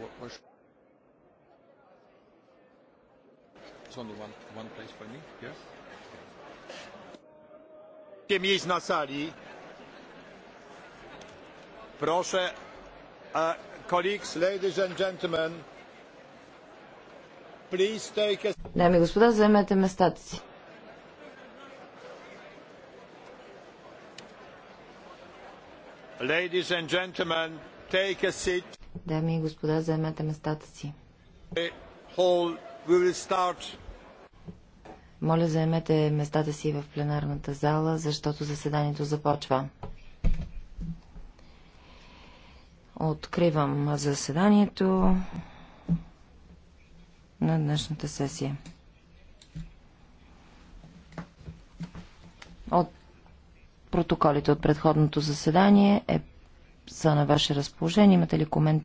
what was It's only one, one place for me, yes? Okay. miejsc na sali. Proszę, uh, colleagues, ladies and gentlemen, please take a... Дами и господа, заемете местата си. Ladies and gentlemen, take a seat. Дами и господа, заемете местата си. Моля, заемете местата си в пленарната зала, защото заседанието започва. Откривам заседанието на днешната сесия. От протоколите от предходното заседание е са на ваше разположение. Имате ли коментар?